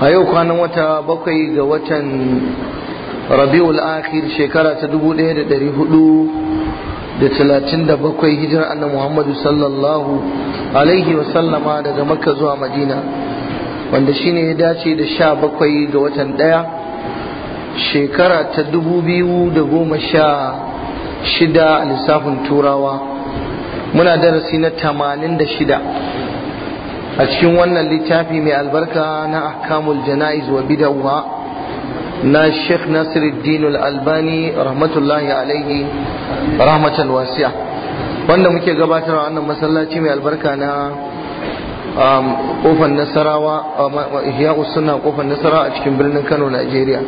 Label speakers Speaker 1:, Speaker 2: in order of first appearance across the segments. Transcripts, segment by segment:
Speaker 1: a yau kwanan wata bakwai ga watan rabi'ul akhir shekara ta dubu ɗaya da da da ɗari talatin hudu bakwai, hijirar annan muhammadu sallallahu alaihi wasallama daga maka zuwa madina wanda shine ya dace da sha bakwai ga watan ɗaya, shekara ta dubu biyu da goma sha shida a lissafin turawa muna darasi na tamanin da shida. a cikin wannan littafi mai albarka na ahkamul jana'iz wa bidawa na sheikh nasiruddin al-albani rahmatullahi alaihi rahmatan wasiya wanda muke gabatarwa wannan masallaci mai albarka na um, kofar nasarawa um, ihya suna kofar nasarawa a cikin birnin kano najeriya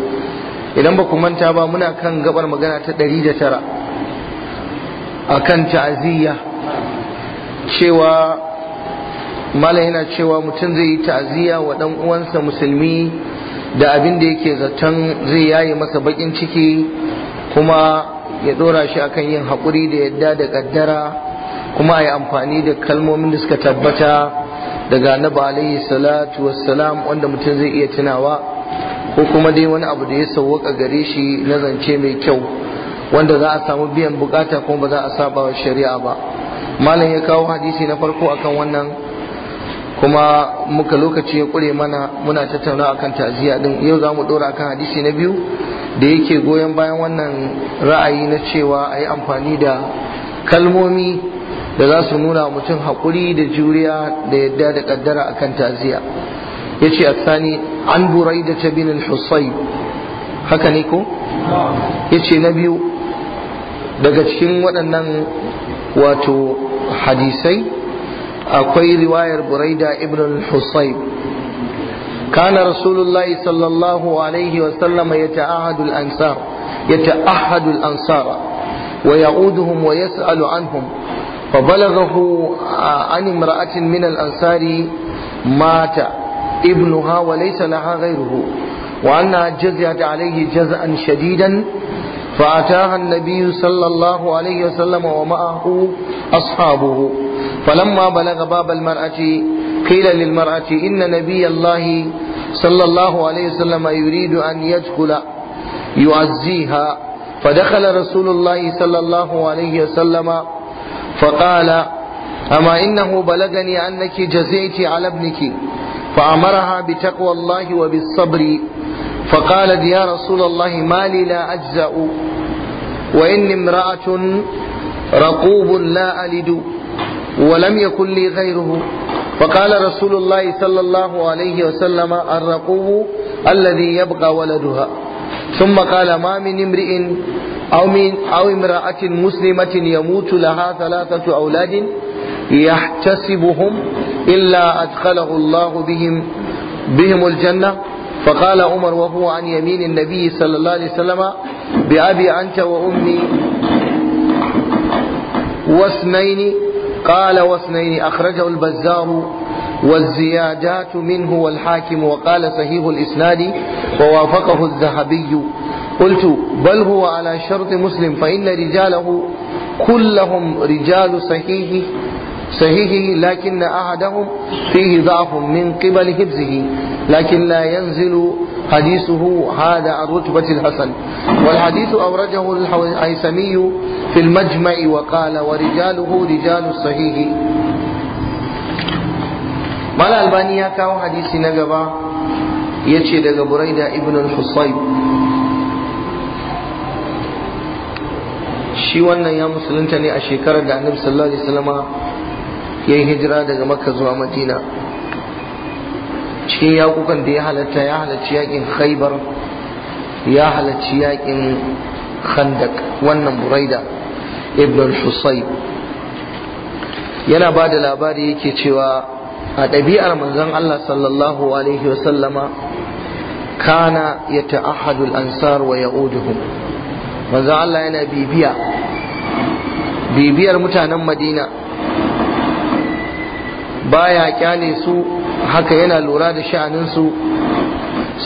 Speaker 1: idan ba ku manta ba muna kan gabar magana ta 109 a kan ta'aziyya cewa malam yana cewa mutum zai yi ta'aziyya wa dan uwansa musulmi da abin da yake zaton zai yayi masa bakin ciki kuma ya dora shi akan yin haƙuri da yadda da ƙaddara kuma a yi amfani da kalmomin da suka tabbata daga annabi alayhi salatu wassalam wanda mutum zai iya tunawa ko kuma dai wani abu da ya sauwaka gare shi na zance mai kyau wanda za a samu biyan bukata kuma ba za a saba wa shari'a ba malam ya kawo hadisi na farko akan wannan kuma muka lokaci ya kure mana muna tattauna akan taziya din yau zamu dora akan hadisi na biyu da yake goyon bayan wannan ra'ayi na cewa a yi amfani da kalmomi da za su nuna mutum haƙuri da juriya da yadda da ƙaddara akan taziya. ya ce asani an burai da tabinin husai haka ne ko ya ce na biyu daga cikin waɗannan wato hadisai akwai riwayar buraida ibn al-husayb kana rasulullahi sallallahu alaihi wa sallama yata'ahadu al-ansar yata'ahadu al-ansara wa ya'uduhum wa yas'alu anhum فبلغه عن امرأة من الأنصار مات ابنها وليس لها غيره وأنها جزعت عليه جزعا شديدا فأتاها النبي صلى الله عليه وسلم ومعه أصحابه فلما بلغ باب المرأة قيل للمرأة إن نبي الله صلى الله عليه وسلم يريد أن يدخل يعزيها فدخل رسول الله صلى الله عليه وسلم فقال أما إنه بلغني أنك جزيت على ابنك فأمرها بتقوى الله وبالصبر فقالت يا رسول الله ما لي لا أجزأ وإني امرأة رقوب لا ألد ولم يكن لي غيره فقال رسول الله صلى الله عليه وسلم الرقوب الذي يبقى ولدها ثم قال ما من امرئ أو من أو امرأة مسلمة يموت لها ثلاثة أولاد يحتسبهم إلا أدخله الله بهم بهم الجنة فقال عمر وهو عن يمين النبي صلى الله عليه وسلم بأبي أنت وأمي واثنين قال واثنين أخرجه البزار والزيادات منه والحاكم وقال صحيح الإسناد ووافقه الذهبي قلت بل هو على شرط مسلم فإن رجاله كلهم رجال صحيح صحيحه لكن أحدهم فيه ضعف من قبل حفظه لكن لا ينزل حديثه هذا عن رتبة الحسن والحديث أورده الهيثمي في المجمع وقال ورجاله رجال الصحيح مال الباني يا كاو حديث نجبا يتشي دغ بريدة ابن الحصيب shi wannan ya musulunta ne a shekarar da annabi sallallahu alaihi wasallama ya yi hijira daga makka zuwa madina cikin yakukan da ya halatta ya halarci yakin khaibar ya halarci yakin khandak wannan buraida ibn al yana ba da labari yake cewa a ɗabi'ar manzon Allah sallallahu alaihi wasallama kana ya ta'ahadu al-ansar wa ya'uduhum manzon Allah yana bibiya bibiyar mutanen Madina baya kyale su haka yana lura da sha'aninsu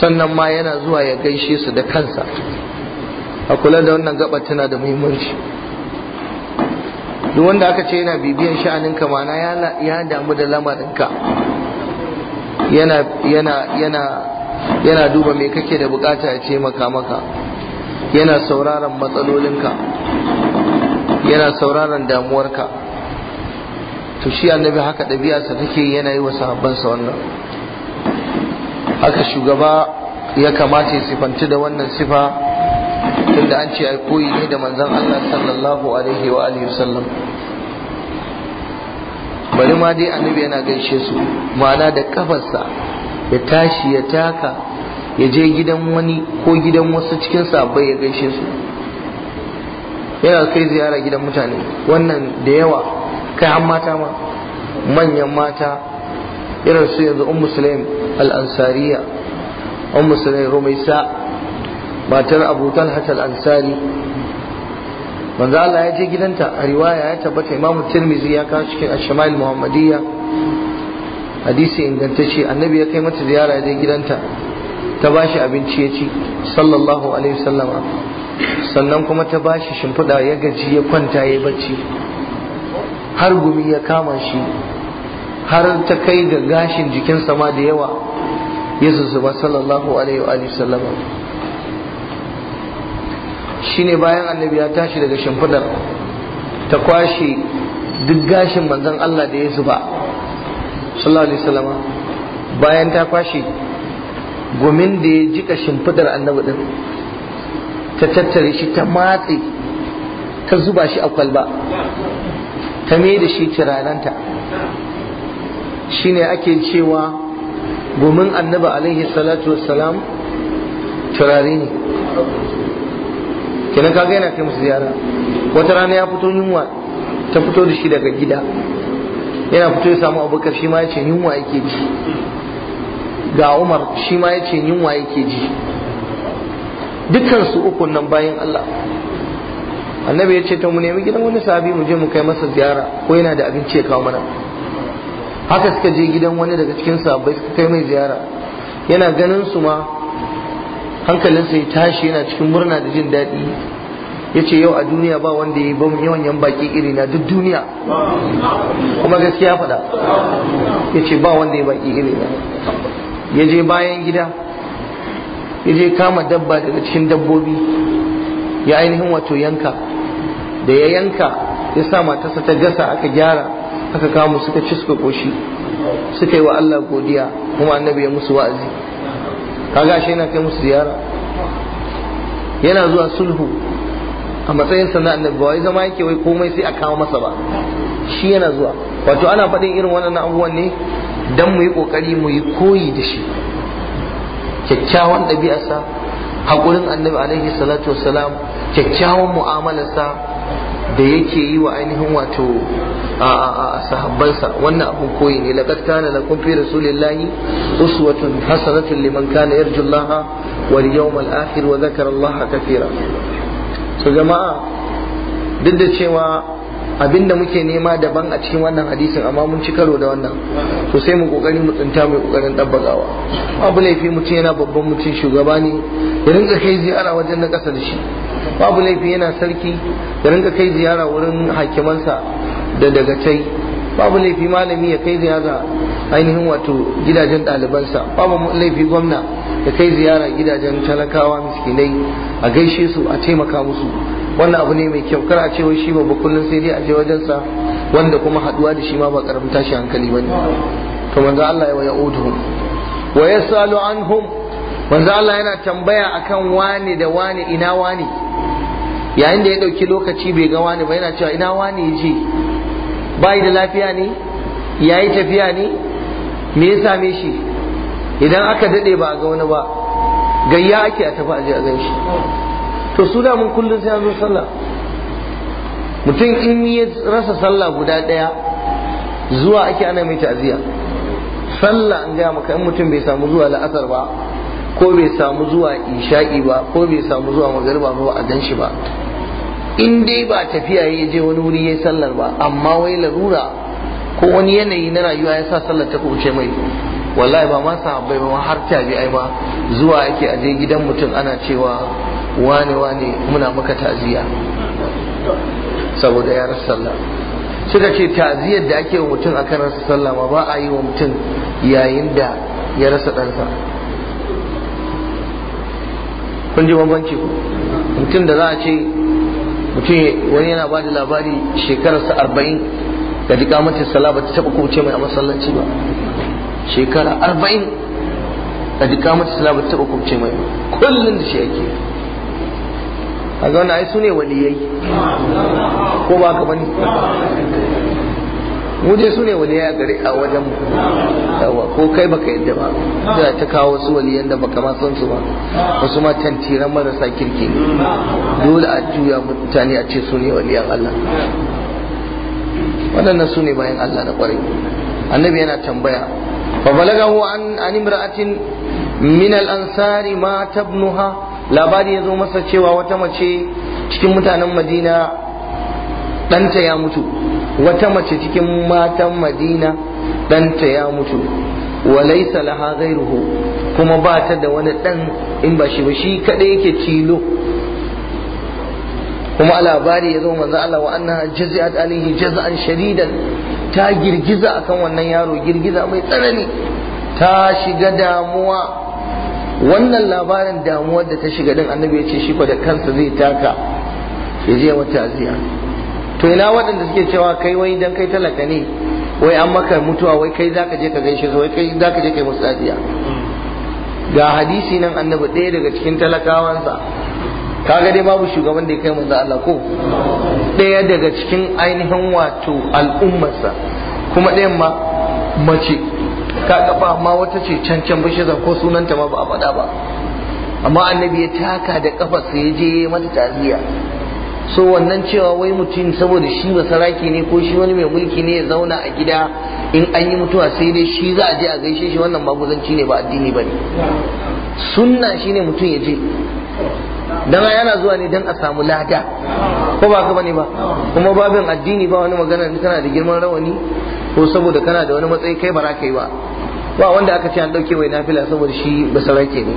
Speaker 1: sannan ma yana zuwa ya gaishe su da kansa a kula da wannan gaba tana da muhimmanci duk wanda aka ce yana bibiyan sha'aninka mana ya damu da lamarinka yana duba me kake da bukata ya ce maka maka yana sauraron matsalolinka yana sauraron damuwarka to shi annabi haka ɗabi'arsa take yana yi wa sahabbansa wannan haka shugaba ya kamata ya sifanci da wannan sifa tunda an ce ai koyi ne da manzon Allah sallallahu alaihi wa alihi wasallam
Speaker 2: bari ma dai annabi yana
Speaker 1: gaishe su ma'ana da kafarsa ya tashi ya taka ya je gidan wani ko gidan wasu cikin sabbai ya gaishe su yana kai ziyara gidan mutane wannan da yawa kai an mata ma manyan mata irin su yanzu un sulaim al-ansariya ummu rumaisa matar abu talhat al-ansari manzo Allah ya je gidanta a riwaya ya tabbata Imam tirmizi ya kawo cikin Ash-Shama'il Muhammadiyya hadisi ingantacce annabi ya kai mata ziyara ya je gidanta ta bashi abinci ya ci sallallahu alaihi wasallama sannan kuma ta bashi shimfiɗa ya gaji ya kwanta ya yi bacci har gumi ya kama shi har ta kai ga gashin jikinsa ma da yawa ya zuzzuba sallallahu alaihi wa sallama ne bayan annabi ya tashi daga shimfidar ta kwashe duk gashin manzon Allah da ya zuba sallallahu alaihi wasallama bayan ta kwashe gumin da ya jika shimfidar annabi din
Speaker 2: ta tattare shi ta
Speaker 1: matse ta zuba shi a kwalba ta mai da shi tirananta ne ake cewa gumin annaba alaihi salatu wassalam turare ne kenan kaga yana kai musu ziyara wata rana ya fito yunwa ta fito da shi daga gida yana fito ya samu abubakar shi ma ya ce yunwa yake ji ga umar shi ma ya ce yunwa yake ji dukkan su uku nan bayan allah annabi ya ce ta mu nemi gidan wani sahabi mu je mu kai masa ziyara ko yana da abinci ya kawo mana haka suka je gidan wani daga cikin sahabbai suka kai mai ziyara yana ganin su ma hankalinsa ya tashi yana cikin murna da jin daɗi ya ce yau a duniya ba wanda ya yi yawan yan baki iri na duk duniya kuma gaskiya faɗa ya ce ba wanda ya baki iri na ya je bayan gida ya je kama dabba daga cikin dabbobi ya ainihin wato yanka da ya yanka ya sa matarsa ta gasa aka gyara aka kamo suka ci suka koshi suka yi wa Allah godiya kuma annabi ya musu wa'azi kaga shi yana kai musu ziyara yana zuwa sulhu a matsayin sa na annabi wai zama yake wai komai sai a kawo masa ba shi yana zuwa wato ana faɗin irin wannan abubuwan ne dan mu yi ƙoƙari mu yi koyi da shi kyakkyawan ɗabi'arsa haƙurin annabi alaihi salatu wasalam kyakkyawan mu'amalarsa da yake yi wa ainihin wato sahabbansa wannan abin koyi ne laqad kana lakum fi rasulillahi uswatun hasanatun liman kana yarjullaha Allah wal yawmal akhir wa dhakara kathira so jama'a duk da cewa abinda muke nema daban a cikin wannan hadisin amma mun ci karo da wannan to sai mu kokarin mu tsinta mu kokarin dabbagawa babu laifi mutum yana babban mutum shugaba ne ya rinka kai ziyara wajen na kasar shi babu laifi yana sarki ya rinka kai ziyara wurin hakimansa da dagatai babu laifi malami ya kai ziyara ainihin wato gidajen ɗalibansa babu laifi gwamna ya kai ziyara gidajen talakawa miskinai a gaishe su a taimaka musu wannan abu ne mai kyau kar a ce wai shi babu kullum sai dai a je sa wanda kuma haduwa da shi ma ba karamin tashi hankali bane to manzo Allah ya waya uduhum wa yasalu anhum manzo Allah yana tambaya akan wani da wani ina wani yayin da ya dauki lokaci bai ga wani ba yana cewa ina wani yaje bai da lafiya ne yayi tafiya ne me ya same shi idan aka dade ba a ga wani ba gayya ake a tafi a je a gan shi to su da mun kullum sai an zo sallah mutum in ya rasa sallah guda daya zuwa ake ana mai ta'aziyya sallah an gaya maka in mutum bai samu zuwa la'asar ba ko bai samu zuwa isha'i ba ko bai samu zuwa magariba ba a gan shi ba in dai ba tafiya ya je wani wuri ya sallar ba amma wai larura ko wani yanayi na rayuwa ya sa sallar ta kuce mai wallahi ba ma sahabbai ba har tabi'ai ba zuwa ake aje gidan mutum ana cewa wane wane muna maka taziya saboda ya rasa sallah suka ce taziyar da ake wa mutum kan rasa sallah ma ba a yi wa mutum yayin da ya rasa ɗansa kun ji bambanci ku mutum da za a ce mutum wani yana ba da labari shekararsa arba'in ga jika mace sallah ba ta taɓa kuce mai a masallaci ba shekara arba'in ga jika mace sallah ba ta taɓa kuce mai kullum da shi yi kaga wannan ai sune waliyai ko ba ka bani mu je sune waliyai a gare a wajen mu yawa ko kai baka yadda ba da ta kawo su waliyan da baka ma san su ba wasu ma tantiran marasa kirki dole a juya mutane a ce sune waliyan Allah waɗannan su ne bayan Allah na ƙwarai annabi yana tambaya fa balagahu an an imra'atin min al-ansari ma tabnuha labari ya zo masa cewa wata mace cikin mutanen madina ɗanta ya mutu wata mace cikin matan madina ɗanta ya mutu walaisa laha kuma ba ta da wani ɗan in ba shi ba shi kaɗai yake tilo kuma a labari ya zo manzo Allah wa anna jazi'at alaihi jaz'an shadidan ta girgiza a kan wannan yaro girgiza mai tsanani ta shiga damuwa wannan labarin damuwar da ta shiga din annabi ya ce shi ko da kansa zai taka ya je wata aziya to ina waɗanda suke cewa kai wai dan kai talaka ne wai an maka mutuwa wai kai zaka je ka gaishe wai kai zaka je kai musu aziya ga hadisi nan annabi ɗaya daga cikin talakawansa kaga dai babu shugaban da ya kai manzo Allah ko ɗaya daga cikin ainihin wato al'ummarsa kuma ɗayan ma mace Ka kafa amma wata ce can cancan bishiza ko sunanta ma ba a faɗa ba amma annabi ya taka da su ya je mata taziya so wannan cewa wai mutum saboda shi ba saraki ne ko shi wani mai mulki ne ya zauna a gida in an yi mutuwa sai dai shi za a je a gaishe shi wannan guzanci ne ba addini ba ne sunna shine mutum ya je dan yana zuwa ne dan a samu lada ko ba ka bane ba kuma babin addini ba wani magana kana da girman rawani ko saboda kana da wani matsayi kai ba za ka ba ba wanda aka ce an dauke mai nafila saboda shi sarake ne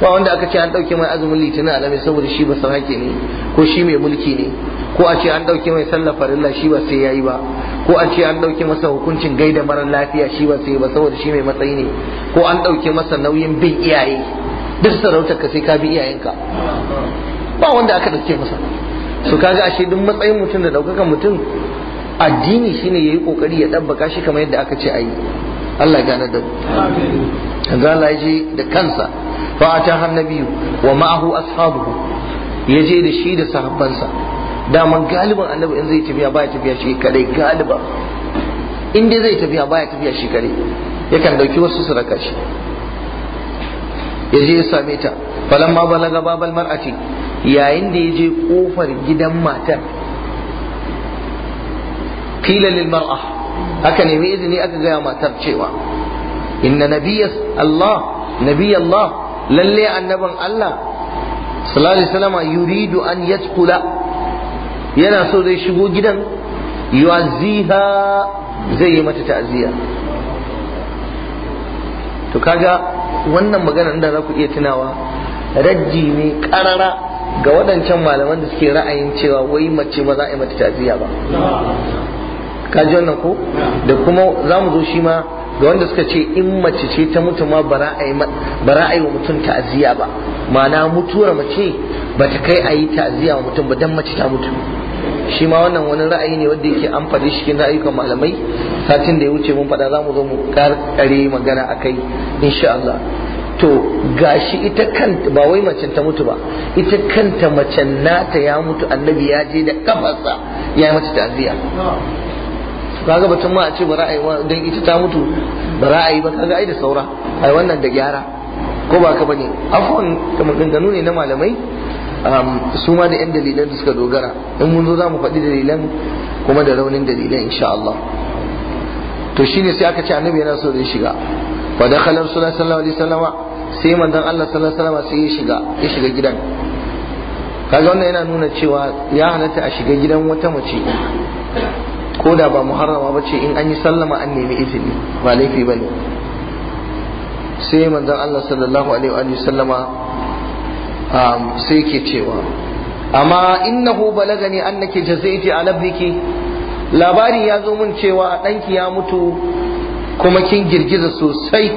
Speaker 1: ba wanda aka ce an dauke mai azumin litinin alami saboda shi sarake ne ko shi mai mulki ne ko a ce an ɗauke mai sallar farilla shi ba sai yayi ba ko a ce an ɗauke masa hukuncin gaida marar lafiya shi ba sai ba saboda shi mai matsayi ne ko an ɗauke masa nauyin bin iyaye duk sarautar ka sai ka bi iyayenka ba wanda aka ɗauke masa su kaga ashe duk matsayin mutum da ɗaukakan mutum addini shine yayi kokari ya dabbaka shi kamar yadda aka ce ayi. Allah gane da mu Allah ya je da kansa fa ataha nabiyyu wa ma'ahu ashabuhu ya je da shi da sahabbansa daman galiban annabi in zai tafiya baya tafiya shi kadai galiba in dai zai tafiya baya tafiya shi kadai yakan dauki wasu su raka shi ya je ya same ta falamma balaga babal mar'ati yayin da ya je kofar gidan matar qila lil mar'ah Haka ne nemi izini aka gaya matar cewa inna nabiyya Allah nabiyya Allah lalle annaban Allah sallallahu alaihi wasallam yuridu an yadkhula yana so zai shigo gidan yu'azziha zai yi mata ta'ziya to kaga wannan magana da za ku iya tunawa rajji ne karara ga waɗancan malaman da suke ra'ayin cewa wai mace ba za a yi mata ta'ziya ba ka ji wannan ko da kuma za mu zo shi ma ga wanda suka ce in mace ce ta mutu ma ba a yi wa mutum ta'aziyya ba ma'ana mutuwar mace ba ta kai a yi ta'aziyya wa mutum ba dan mace ta mutu shi ma wannan wani ra'ayi ne wanda yake an faɗi cikin ayyukan malamai satin da ya wuce mun faɗa za mu zo mu karkare magana a kai insha Allah to gashi ita kanta ba wai macen ta mutu ba ita kanta macen nata ya mutu annabi ya je da kafarsa ya yi mace ta'aziyya kaga batun ma a ce ba ra'ayi a yi dan ita ta mutu ba ra'ayi a yi ba kaga ai da saura ai wannan da gyara ko ba ka bane afwan kamar dangano ne na malamai su ma da yan dalilan da suka dogara in mun zo za mu faɗi dalilan kuma da raunin dalilan insha Allah to shine sai aka ce annabi yana so da shiga fa dakhala sallallahu alaihi wasallam sai manzon Allah sallallahu alaihi wasallam sai ya shiga ya shiga gidan kaga wannan yana nuna cewa ya halatta a shiga gidan wata mace ko da ba muharrama ba ce in an yi sallama an nemi izini ba laifi ba ne sai manzon Allah sallallahu alaihi wa sallama um, sai ke cewa amma innahu balagani annaki jazaiti ala biki labari ya zo mun cewa ɗanki ya mutu kuma kin girgiza sosai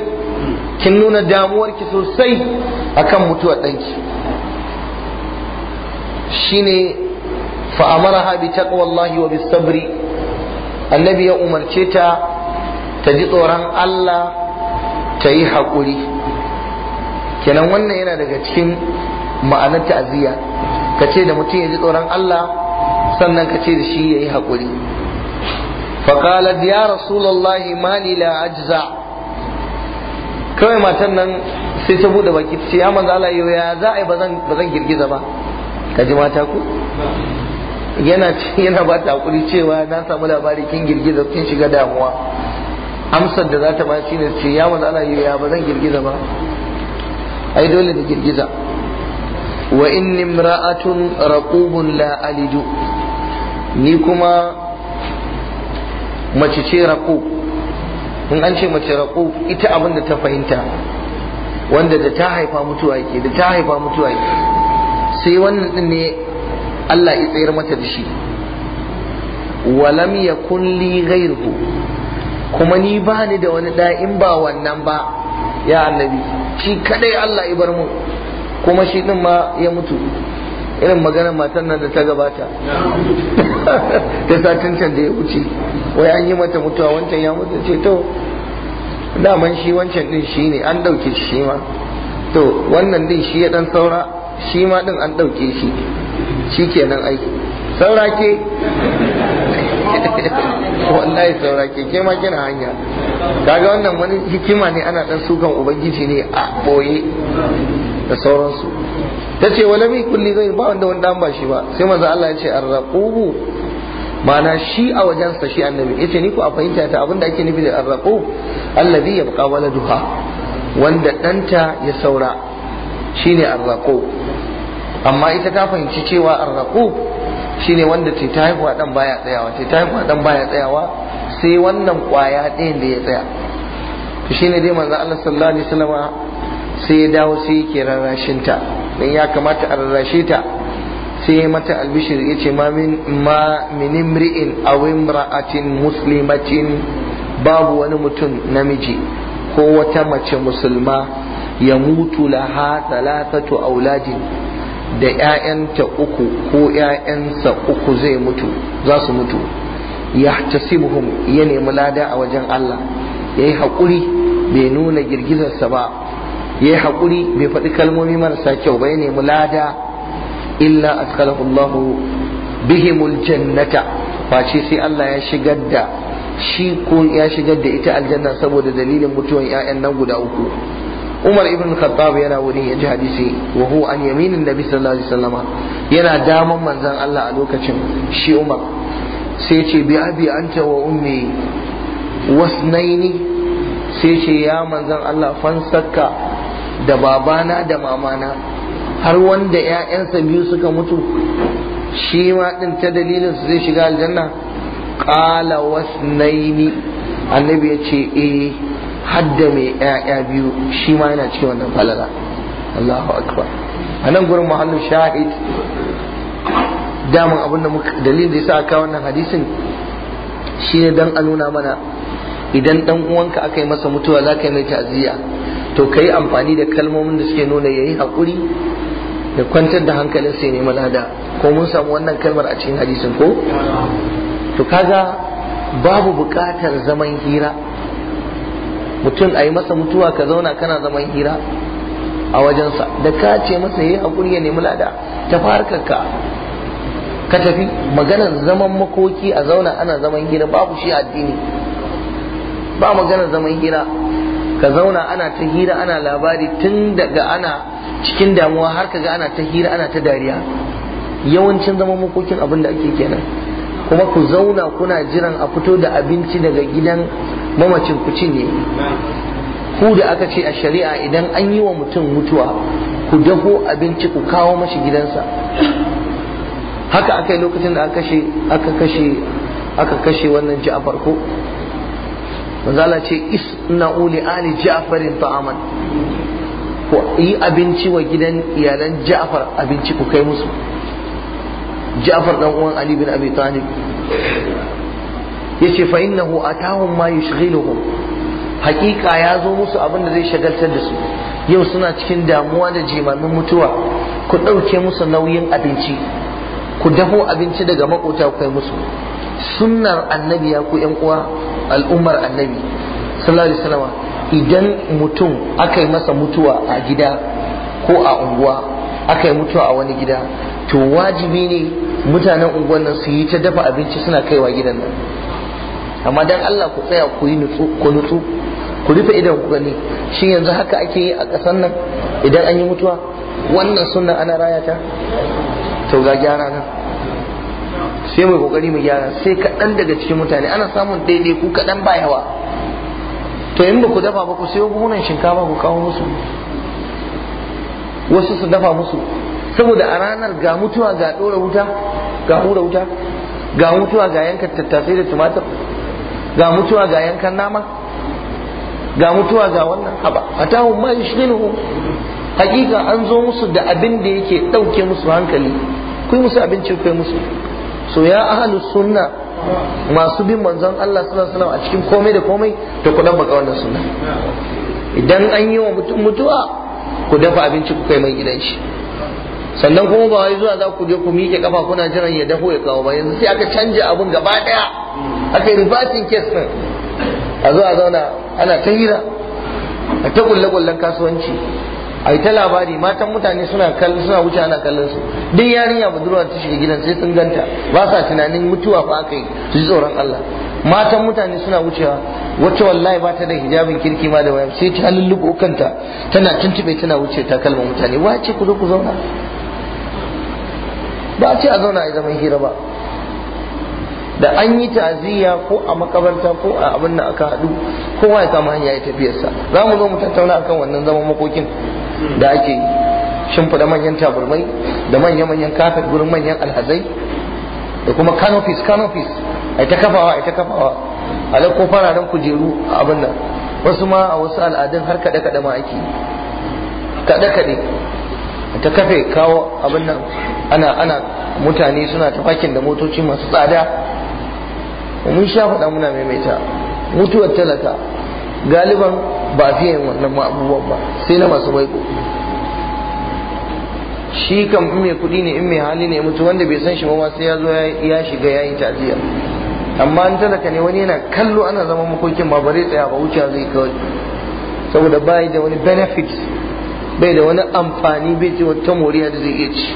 Speaker 1: kin nuna damuwarki sosai akan mutuwar ɗanki shine fa amara bi taqwallahi wa bis sabri annabi ya umarce ta ta ji tsoron Allah ta yi haƙuri kenan wannan yana daga cikin ma'anar ta'aziyya ka ce da mutum ya ji tsoron Allah sannan ka ce da shi ya yi haƙuri faƙalar ya rasulallahi mali la ajza kawai matan nan sai ta buɗe baki ta ce ya manzo ya za a yi ba zan girgiza ba ka ji mata ku yana yana ba ta hakuri cewa na samu labari kin girgiza kin shiga damuwa amsar da za ta ba shi ne ce ya ana yi ya ba zan girgiza ba ai dole da girgiza wa inni imra'atun raqubun la alidu ni kuma mace ce raqub in an ce mace raqub ita abin da ta fahimta wanda da ta haifa mutuwa yake da ta haifa mutuwa yake sai wannan din ne Allah ya tsayar mata da shi walam yakun li ghairuhu kuma ni ba ni da wani da in ba wannan ba ya annabi shi kadai Allah ya bar mu kuma shi din ma ya mutu irin maganar matan nan da ta gabata ta satin can da ya wuce wai an yi mata mutuwa wancan ya mutu ce to daman shi wancan din shi ne an ɗauke shi ma to wannan din shi ya ɗan saura shi ma ɗin an ɗauke shi Shi shikenan aiki saurake wallahi saurake ke ma kina hanya kaga wannan wani hikima ne ana dan sukan ubangiji ne a boye da sauransu ta ce wala mai kulli zai ba wanda wanda ba shi ba sai Maza Allah ya ce arraqubu Mana shi a wajensa shi annabi ce ni ku a fahimta ta abinda ake nufi da ya allazi wani duha. wanda ɗanta ya saura shine arraqu amma ita ta fahimci cewa arraku shine wanda ce ta haihuwa dan baya tsayawa ce ta haihuwa dan baya tsayawa sai wannan kwaya ɗayan da ya tsaya to shine dai manzo Allah sallallahu alaihi salama sai ya dawo sai yake rarrashin ta dan ya kamata a rarrashe ta sai ya mata albishir ya ma min ma min imri'in aw imra'atin muslimatin babu wani mutum namiji ko wata mace musulma ya mutu laha talatatu auladin da ‘ya'yanta uku ko ‘ya'yansa uku zai mutu za su mutu ya tasibuhum ya nemi lada a wajen Allah ya yi haƙuri bai nuna girgizarsa ba ya yi haƙuri bai faɗi kalmomi marasa kyau ba ya nemi lada illa askalahullahu bihimul jannata face sai Allah ya shigar da shi ko ya shigar da ita aljanna saboda dalilin mutuwan ‘ya'yan nan guda uku Umar ibn Khattab yana wurin ya ji hadisi wa hu an yaminin Nabi sallallahu alaihi wasallama yana daman manzon Allah a lokacin shi Umar sai ce bi abi anta wa ummi wasnaini sai ce ya manzon Allah fansakka da babana da mamana har wanda ‘ya'yansa biyu suka mutu shi ma ɗin ta dalilin su zai shiga aljanna ƙala wasnaini annabi ya ce eh hadda mai ƴaƴa biyu shi ma yana cikin wannan falala Allahu akbar a nan gurin muhallin shahid daman abin da dalilin da yasa aka wannan hadisin shine dan a nuna mana idan dan uwanka aka yi masa mutuwa za ka yi mai ta'aziyya to ka yi amfani da kalmomin da suke nuna yayi hakuri, da kwantar da hankalin sai nemi lada ko mun samu wannan kalmar a cikin hadisin ko to kaga babu bukatar zaman hira mutum a yi masa mutuwa ka zauna kana zaman hira a wajensa da ka ce masa yi hakuri ya nemi lada ta farkarka ka tafi maganar zaman makoki a zauna ana zaman hira babu shi addini ba maganar zaman hira ka zauna ana ta hira ana labari tun daga ana cikin damuwa har ka ga ana ta hira ana ta dariya yawancin zaman makokin abin da ake kenan kuma ku zauna kuna jiran a fito da abinci daga gidan mamacin ku cinye ku da aka ce a shari'a idan an yi wa mutum mutuwa ku dafo abinci ku kawo mashi gidansa haka aka yi lokacin da aka kashe aka kashe wannan ja'far ko manzala ce na uli ali ja'farin ta'aman ku yi abinci wa gidan iyalan ja'far abinci ku kai musu Ja'far dan uwan Ali bin Abi Talib yace fa innahu atahum ma yushghiluhum hakika ya zo musu abin da zai shagaltar da su yau suna cikin damuwa da jimamin mutuwa ku ɗauke musu nauyin abinci ku dafo abinci daga makota kai musu sunnar annabi ya ku yan uwa al'ummar annabi sallallahu alaihi wasallam idan mutum aka masa mutuwa a gida ko a unguwa aka yi mutuwa a wani gida to wajibi ne mutanen unguwan nan su yi ta dafa abinci suna kaiwa gidan nan amma dan Allah ku tsaya ku yi ku nutsu ku rufe idan ku gani shin yanzu haka ake yi a ƙasar nan idan an yi mutuwa wannan sunan ana raya ta to ga gyara nan sai mai kokari mu gyara sai kaɗan daga cikin mutane ana samun daidai ku kaɗan ba yawa to in ba ku dafa ba ku sayo buhunan shinkafa ku kawo musu wasu su dafa musu saboda a ranar ga mutuwa ga ɗora wuta ga hura wuta ga mutuwa ga yankan tattasai da tumatir ga mutuwa ga yankan nama ga mutuwa ga wannan haba atahum ma yushghiluhum hakika an zo musu da abin da yake ɗauke musu hankali kuyi musu abinci kuyi musu so ya ahalu sunna masu bin manzon Allah sallallahu alaihi a cikin komai da komai to ku dan baka wannan sunna idan an yi wa mutum mutuwa ku dafa abinci ku kai mai gidan shi sannan kuma ba wai zuwa za ku je ku miƙe kafa kuna jiran ya dafo ya kawo ba yanzu sai aka canja abun gaba daya aka yi rubatin case din a zuwa zauna ana ta hira a ta kulle-kullen kasuwanci a yi ta labari matan mutane suna kallon suna wuce ana kallon su duk yarinya ba budurwa ta shiga gidan sai sun ganta ba sa tunanin mutuwa fa aka yi su ji tsoron Allah matan mutane suna wucewa wacce wallahi ba ta da hijabin kirki ma da waya sai ta lulluɓo kanta tana tuntube tana wuce ta kalmar mutane wace ku zo ku zauna ba a ce a zauna a zaman hira ba da an yi taziya ko a makabarta ko a abin da aka haɗu kowa ya samu hanya ya tafiyarsa za mu zo mu tattauna akan wannan zaman makokin da ake yi shimfiɗa manyan taburmai da manya-manyan kafet gurin manyan alhazai da kuma canopies canopies a ta kafawa a ta kafawa a ko fararen kujeru a abin nan wasu ma a wasu al'adun har kaɗe-kaɗe ma ake kaɗe-kaɗe ta kafe kawo abin nan ana ana mutane suna ta da motoci masu tsada mun sha faɗa muna maimaita mutuwar talaka galiban ba fiye wannan abubuwan ba sai na masu baiko shi kan in mai kuɗi ne in mai hali ne mutu wanda bai san shi ba sai ya zo ya shiga ya yi taziya amma an talaka ne wani yana kallo ana zama makokin ba bare tsaya ba wuce zai kawai saboda bai da wani benefit bai da wani amfani bai ce wata moriya da zai iya ci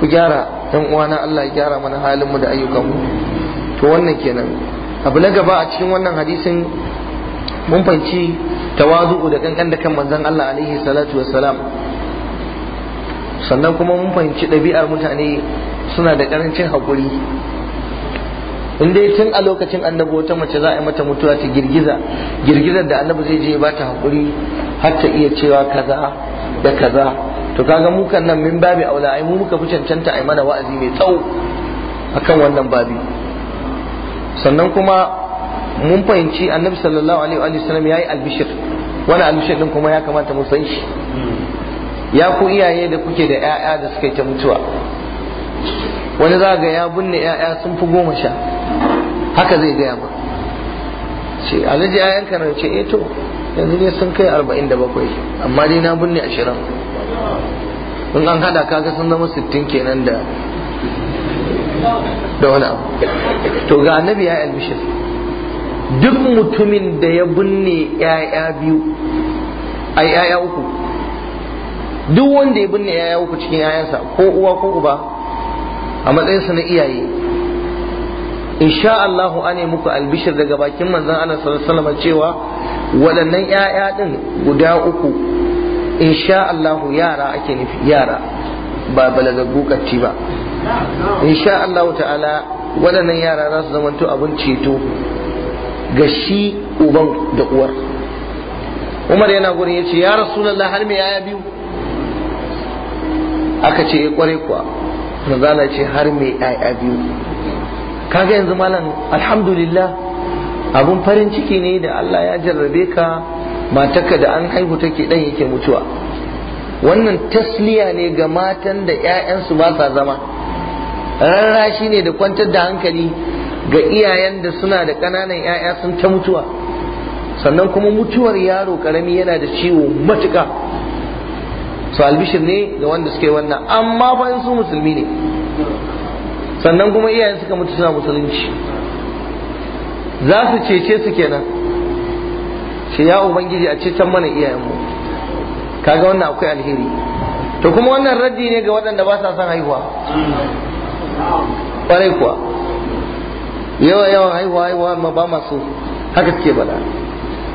Speaker 1: ku gyara dan uwana Allah ya gyara mana halin mu da ayyukan mu to wannan kenan abu na gaba a cikin wannan hadisin mun fanci tawazu'u da kankan da kan manzon Allah alaihi salatu wassalam sannan kuma mun fahimci ɗabi'ar mutane suna da ƙarancin haƙuri in dai tun a lokacin annabi wata mace za a yi mata mutuwa ta girgiza girgizar da annabi zai je ba ta haƙuri har ta iya cewa kaza da kaza to kaga mu kan nan min babi aula ai mu muka fi cancanta ai mana wa'azi mai tsawo akan wannan babi sannan kuma mun fahimci annabi sallallahu alaihi wa sallam yayi albishir wani albishir din kuma ya kamata mu san shi ya ku iyaye da kuke da ƴaƴa da suka yi ta mutuwa wani za ga ya binne ƴaƴa sun fi goma sha haka zai gaya ma ce alhaji ƴaƴanka na ce eh to yanzu ne sun kai arba'in da bakwai amma dai na binne ashirin in an hada kaga sun zama sittin kenan da da wani
Speaker 2: abu to
Speaker 1: ga annabi ya albishir duk mutumin da ya binne ya'ya biyu a ya'ya uku duk wanda ya binne ya'ya uku cikin yayansa ko uwa ko uba a matsayinsa na iyaye insha an ane muku albishir daga bakin manzan Allah sallallahu alaihi wasallam cewa waɗannan 'ya'ya ɗin guda uku sha Allah yara ake nufi yara ba balagaggu kacci ba sha Allah ta'ala waɗannan yara za su zamanto abin ceto ga shi uban da uwar Umar yana gurin ya ce ya Rasulullah har me yaya biyu aka ce eh, ya kware kuwa manzala ce har me yaya biyu kaga yanzu malam alhamdulillah abun farin ciki ne da Allah ya jarrabe ka matarka da an haihu take dan yake mutuwa wannan tasliya ne ga matan da 'ya'yansu ba sa zama rarrashi ne da kwantar da hankali ga iyayen da suna da ƙananan 'ya'ya sun ta mutuwa sannan kuma mutuwar yaro karami yana da ciwo matuƙa. su albishir ne ga wanda suke wannan amma fa su musulmi ne sannan kuma iyayen suka mutu suna musulunci za su cece su kenan ce ya ubangiji a cecen mana iyayenmu kaga wannan akwai alheri to kuma wannan raddi ne ga waɗanda ba sa son haihuwa ƙwarai kuwa yawa yawan haihuwa haihuwa ma ba masu haka suke bada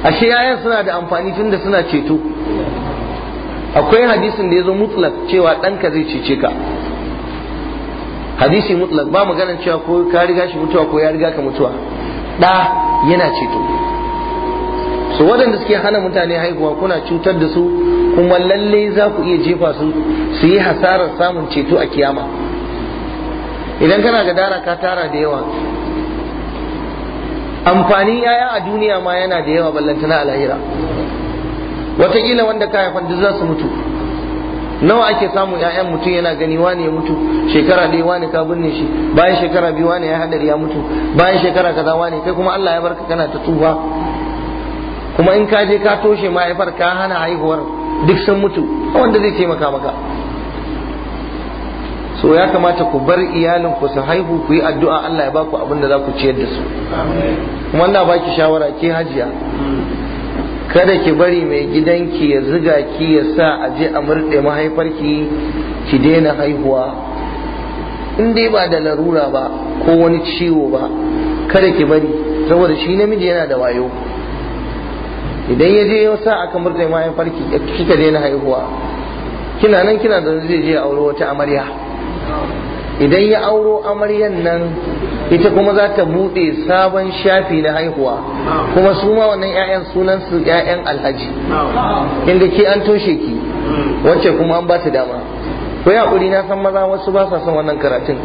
Speaker 1: ashe yayan suna da amfani tun da suna ceto akwai hadisin da ya zo mutlak cewa ɗanka zai cece ka hadisi mutlak ba maganar cewa ko ka riga shi mutuwa ko ya riga ka mutuwa da yana ceto su waɗanda suke hana mutane haihuwa kuna cutar da su kuma lalle za ku iya jefa su su yi hasarar samun ceto a kiyama idan kana ga dara ka tara da yawa amfani yaya a duniya ma yana da yawa ballantana a lahira wataƙila wanda ka haifar duk za su mutu nawa ake samu ƴaƴan mutum yana gani wane ya mutu shekara ɗaya wani ka binne shi bayan shekara biyu wani ya hadari ya mutu bayan shekara kaza wani kai kuma Allah ya barka kana ta tuba kuma in ka je ka toshe mahaifar ka hana haihuwar duk sun mutu wanda zai taimaka maka so ya kamata ku bar iyalin ku su haihu ku yi addu'a Allah ya baku abin da za ku ciyar da su kuma Allah baki shawara ke hajiya kada ki bari mai gidanki ya ziga ki ya sa a je a murɗe mahaifarki ki daina haihuwa in dai ba da larura ba ko wani ciwo ba kada ki bari saboda shi namiji yana da wayo idan ya je ya sa aka murɗe mahaifarki kika daina haihuwa kina nan kina da zai je auro wata amarya idan ya auro amaryan nan ita kuma za ta buɗe sabon shafi na haihuwa kuma su ma wannan 'ya'yan sunan su 'ya'yan alhaji inda ke an toshe ki hmm. wacce kuma an ba ta dama ko hakuri na san maza wasu ba sa son wannan karatun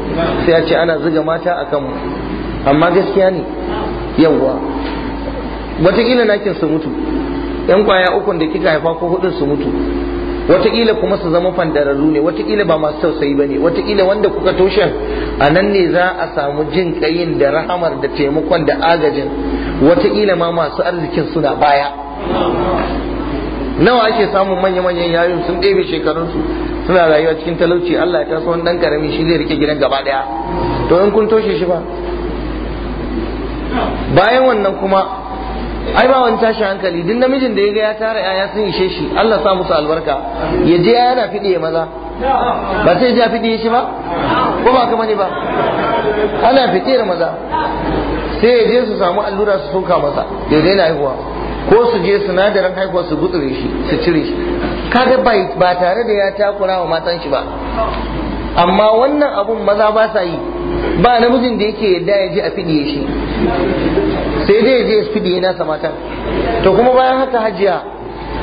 Speaker 1: sai a ce ana ziga mata a kanmu amma gaskiya ne yawwa wataƙila nakin su mutu yan kwaya ukun da kika haifa ko hudun su mutu wataƙila kuma su zama fandararru ne wataƙila ba masu tausayi ba ne wataƙila wanda kuka toshen a nan ne za a samu jin ƙayin da rahamar da taimakon da agajin wataƙila ma masu arzikin suna baya nawa ake samun manya-manyan yayin sun ɗebe shekarunsu suna rayuwa cikin talauci Allah ya taso wani ɗan karami shi zai rike gidan gaba ɗaya to in kun toshe shi ba bayan wannan kuma ai ba wani tashi hankali duk namijin da ya ga ya tara yaya sun ishe shi Allah sa musu albarka ya je na fiɗe maza ba sai ya fiɗe shi ba ko ba kama ne ba ana fiɗe da maza sai ya je su samu allura su soka masa ya daina haihuwa ko su je sinadarin haihuwa su gutsure shi su cire shi kaga bai ba tare da ya takura wa matan shi ba amma wannan abun maza ba sa yi ba namijin da yake yadda ya je a fiɗe shi sai dai je SPD yana mata to kuma bayan haka hajiya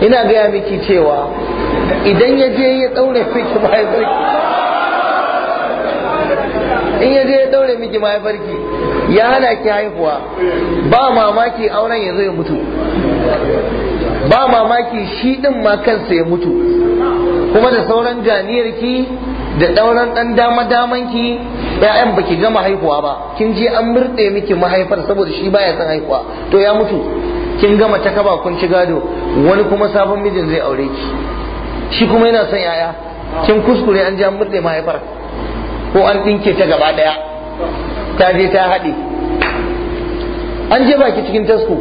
Speaker 1: ina gaya miki cewa idan ya je ya daure miki mahaifarki in ya je ya daure miki mahaifarki ya hana ki haihuwa ba mamaki auren yanzu ya mutu ba mamaki shi din ma kansa ya mutu kuma da sauran janiyarki da dauran dan dama damanki ƴaƴan baki gama haihuwa ba kin je an murde miki mahaifar saboda shi baya son haihuwa to ya mutu kin gama ta kaba kun ci gado wani kuma sabon mijin zai aure ki shi kuma yana son yaya kin kuskure an je an murde mahaifar ko an dinke ta gaba daya ta je ta haɗe an je baki cikin tasko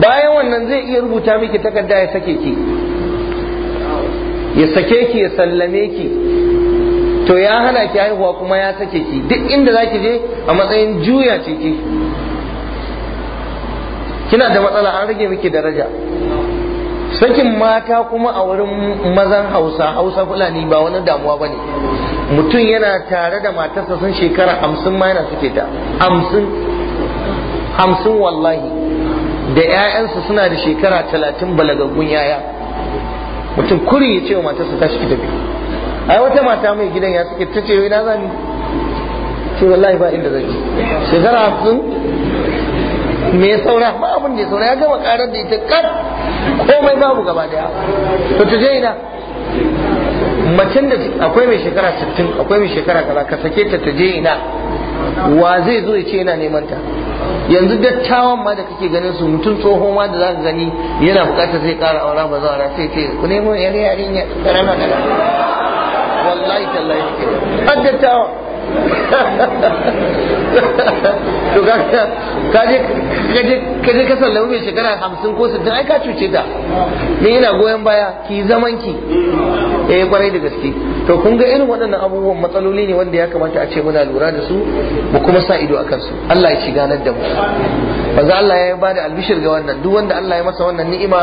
Speaker 1: bayan wannan zai iya rubuta miki takarda ya sake ki ya sake ki ya sallame ki to ya hana ki haihuwa kuma ya sake ki duk inda zaki je a matsayin juya ce ki kina da matsala an rage miki daraja sakin mata kuma a wurin mazan hausa hausa fulani ba wani damuwa bane. mutum yana tare da matarsa sun shekara hamsin ma yana suke ta hamsin hamsin wallahi da ƴaƴansu suna da shekara talatin balagaggun yaya mutum kuri ya ce wa matarsa ta shi tafi ai wata mata mai gidan ya suke ta ce ina zan ce wallahi ba inda zan shekara sun me saura ba abin da ya saura ya gama karar da ita kar komai babu gaba daya to ta je ina macen da akwai mai shekara 60 akwai mai shekara kaza ka sake ta ta je ina wa zai zo ya ce yana neman ta yanzu dattawan ma da kake ganin su mutum tsoho ma da za ka gani yana bukatar zai kara aura ba rasa sai ce ku nemo yare yarinya karama da wallahi tallahi shi har dattawa to kaje ka sallama mai shekara hamsin ko sittin ai ka cuce ta ni ina goyon baya ki zaman ki eh kwarai da gaske to kun ga irin waɗannan abubuwan matsaloli ne wanda ya kamata a ce muna lura da su mu kuma sa ido a kansu Allah ya ci ganar da mu Baza Allah ya ba da albishir ga wannan duk wanda Allah ya masa wannan ni'ima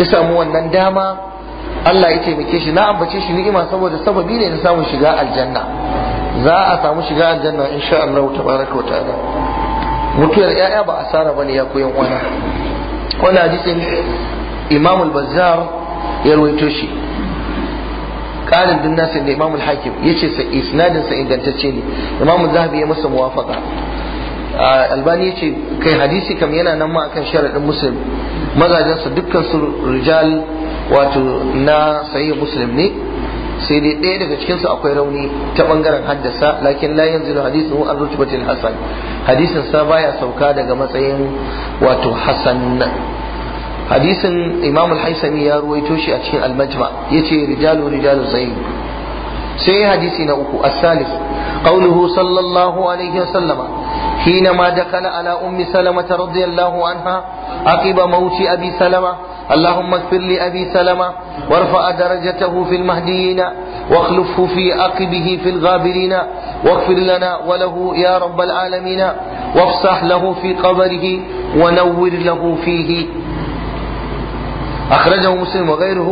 Speaker 1: ya samu wannan dama Allah ya taimake shi na ambace shi ni'ima saboda sababi ne na samun shiga aljanna za a samu shiga aljanna insha Allah tabaraka wa ta'ala
Speaker 2: mutuwar yaya
Speaker 1: ba asara bane ya koyan wani wani hadisin Imam al-Bazzar ya ruwaito shi qalin din nasin da Imam al-Hakim yace sa isnadin sa ingantacce ne Imam Zahabi ya masa muwafaqa albani ya ce kai hadisi kam yana nan ma akan sharadin muslim mazajensa dukkan su rijal wato na sayi muslim ne sai dai ɗaya daga cikinsu akwai rauni ta ɓangaren haddasa lakin la yanzu da hadisin hu an rutubatin hasan hadisin sa baya sauka daga matsayin wato hasan hadisin imam al-haisami ya ruwaito shi a cikin al-majma yace rijalu rijalu sahih sai hadisi na uku as-salis qawluhu sallallahu alaihi wasallama حينما دخل على أم سلمة رضي الله عنها عقب موت أبي salama. اللهم اغفر لأبي سلمة وارفع درجته في المهديين واخلفه في عقبه في الغابرين واغفر لنا وله يا رب العالمين وافسح له في قبره ونور له فيه أخرجه مسلم وغيره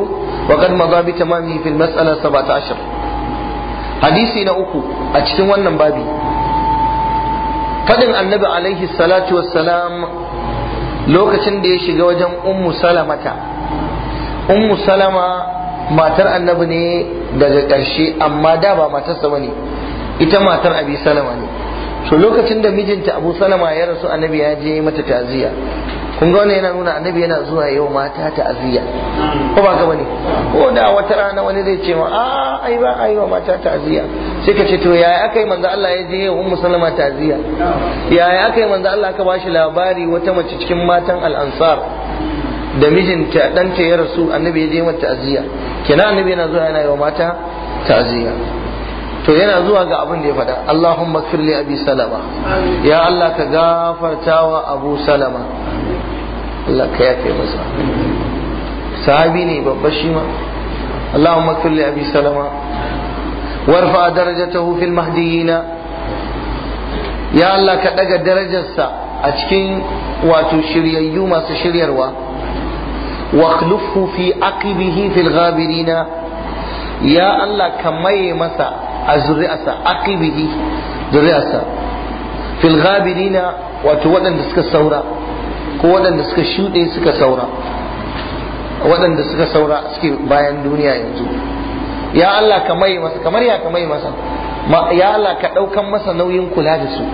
Speaker 1: وقد مضى بتمامه في المسألة 17 حديثي نأكو أجتمعنا بابي فدن النبي عليه الصلاة والسلام lokacin da ya shiga wajen ummu salamata ummu salama matar annabi ne daga ƙarshe amma da ba matarsa ba ne ita matar abi salama ne to lokacin da mijinta abu salama ya rasu annabi ya je mata taziya kun ga wannan yana nuna annabi yana zuwa yau mata ta aziya ko ba gaba ne ko da wata rana wani zai ce ma a ai ba ai wa mata ta aziya sai ka ce to yaya aka yi manzo Allah ya je yau ummu sallama ta aziya yaya aka yi manzo Allah ka bashi labari wata mace cikin matan al-ansar da mijinta danta ya rasu annabi ya je mata a'ziya? kenan annabi yana zuwa yana yau mata mata aziya to yana zuwa ga abin da ya faɗa Allahumma firli abi salama ya Allah ka gafartawa abu salama Allah ka yafe masa sahabi ne babba shi ma Allahumma kulli abi salama warfa darajatahu fil mahdiyina ya Allah ka daga darajarsa a cikin wato shiryayyu masu shiryarwa wa khlufu fi ya Allah ka maye masa a zuri'arsa aqibihi zuri'arsa fil wato waɗanda suka saura ko waɗanda suka shuɗe suka saura waɗanda suka saura suke bayan duniya yanzu ya Allah ka mai masa kamar ya ka mai masa ya Allah ka ɗaukan masa nauyin kula da su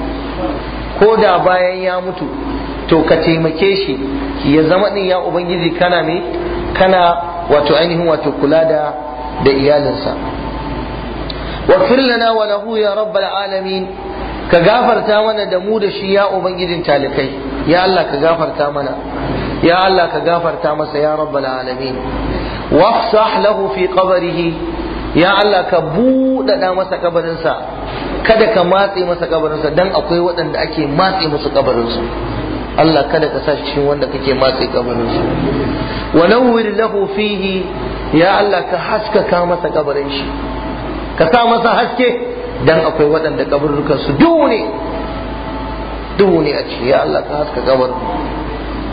Speaker 1: ko da bayan ya mutu to ka taimake shi ya zama ɗin ya ubangiji kana me kana wato ainihin wato kula da da iyalinsa واغفر wa lahu ya rabbal alamin ka gafarta mana da mu da shi ya ubangijin talikai ya Allah ka gafarta mana ya Allah ka gafarta masa ya rabbal alamin wafsah lahu fi qabrihi ya Allah ka buɗaɗa masa kabarinsa kada ka matse masa kabarinsa dan akwai waɗanda ake matse musu kabarinsu Allah kada ka sa cikin wanda kake matse kabarinsu wa nawwir lahu fihi ya Allah ka haskaka masa kabarin shi ka sa masa haske dan akwai waɗanda kaburrukan su duk duhu ne a ciki ya Allah ka haska gabar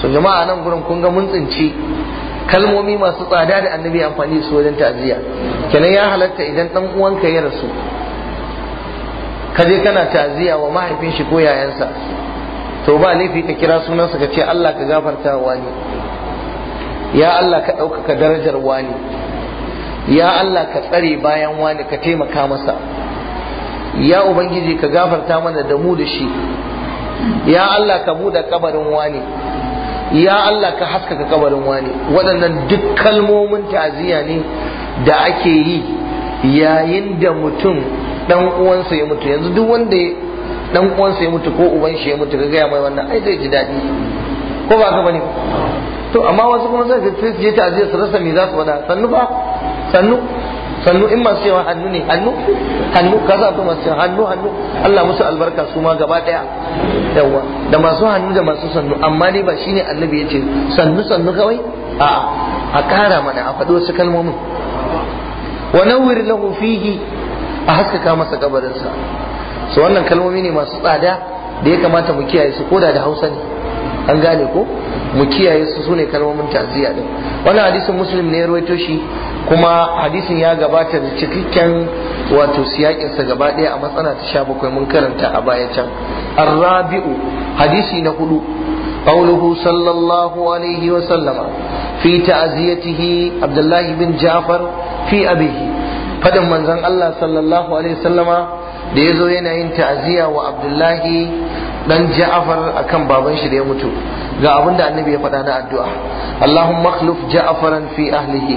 Speaker 1: to jama'a nan gurin kun ga mun tsinci kalmomi masu tsada da annabi amfani su wajen ta'aziyya kenan ya halatta idan dan uwanka ya rasu kaje kana ta'aziyya wa mahaifin shi ko yayansa to ba laifi ka kira sunan sa ka ce Allah ka gafarta wa ni ya Allah ka ɗaukaka darajar wani ya Allah ka tsare bayan wani ka taimaka masa ya ubangiji ka gafarta mana da mu da shi ya Allah ka buɗe kabarin wani ya Allah ka haskaka kabarin wani waɗannan duk kalmomin ta'aziyya ne da ake yi yayin da mutum dan uwansa ya mutu yanzu duk wanda dan uwansa ya mutu ko uban shi ya mutu ka gaya mai wannan ai zai ji daɗi ko ba ka bane to amma wasu kuma sai su je ta'aziyya su rasa me za su faɗa sannu ba sannu sannu in masu yawa hannu ne hannu hannu ka za ku masu yawa hannu hannu Allah musu albarka su ma gaba daya yawa da masu hannu da masu sannu amma dai ba shine annabi ya ce sannu sannu kawai a a kara mana a faɗi wasu kalmomin wa nawwir lahu fihi a haskaka masa sa So wannan kalmomi ne masu tsada da ya kamata mu kiyaye su koda da Hausa ne an gane ko mu kiyaye su sune kalmomin ta'ziya din wannan hadisin muslim ne ya rawaito shi kuma hadisin ya gabata da cikakken wato siyakinsa gaba ɗaya a matsala ta sha bakwai mun karanta a baya can arrabi'u hadisi na hudu qauluhu sallallahu alaihi wa sallama fi ta'ziyatihi abdullahi bin ja'far fi abihi fadan manzon Allah sallallahu alaihi wa sallama da ya zo yana yin ta'aziyya wa abdullahi dan ja'afar akan Babanshi da ya mutu ga abin da annabi ya faɗa na addu'a Allahumma akhluf ja'afaran fi ahlihi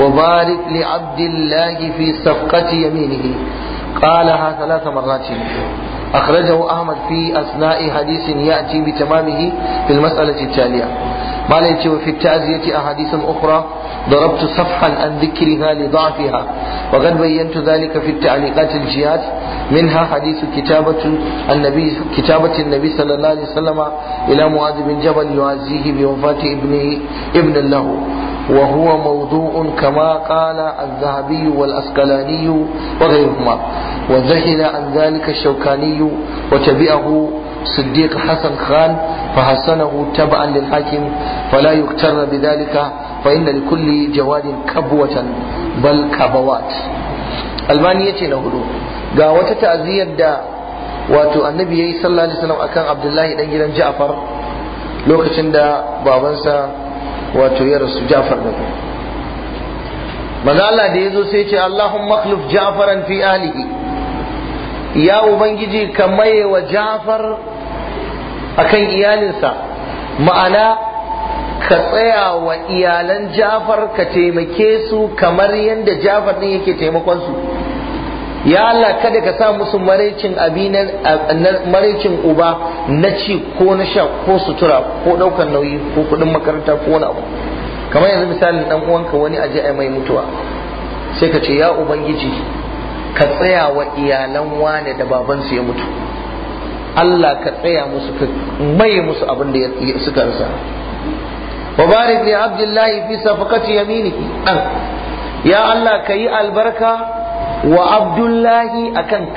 Speaker 1: wa barik li abdillahi fi safqati yaminihi Ahmad fi marratin hadisin ya في ta حديث يأتي بتمامه في malam التالية ما ليت في التعزية أحاديث أخرى ضربت صفحا عن ذكرها لضعفها وقد بينت ذلك في التعليقات الجهات منها حديث كتابة النبي كتابة النبي صلى الله عليه وسلم إلى معاذ بن جبل يعزيه بوفاة ابنه ابن له وهو موضوع كما قال الذهبي والأسقلاني وغيرهما وذهل عن ذلك الشوكاني وتبعه صديق حسن خان فحسنه تبعا للحاكم فلا يغتر بذلك fa inna kulli jawadin kabwatan bal kabawat albani ce na hudu ga wata ta'ziyar da wato annabi yayi sallallahu alaihi wasallam akan abdullahi dan gidan ja'far lokacin da babansa wato ya rasu ja'far din manzo Allah da yazo sai ce Allahu akhlif ja'faran fi ahlihi ya ubangiji ka maye wa ja'far akan iyalinsa ma'ana ka tsaya wa iyalan jafar ka taimake su kamar yadda jafar ne yake taimakon su ya Allah kada ka sa musu maraicin abinan maraicin uba na ci ko na sha ko sutura ko ɗaukar nauyi ko kuɗin makaranta ko na abu kamar yanzu misalin dan uwanka wani aje ai mai mutuwa sai ka ce ya ubangiji ka tsaya wa iyalan wane da babansu ya mutu Allah ka tsaya musu ka maye musu abin da suka rasa وبارك لعبد الله في صفقة يمينه يا الله كي البركة وعبد الله أكن yi.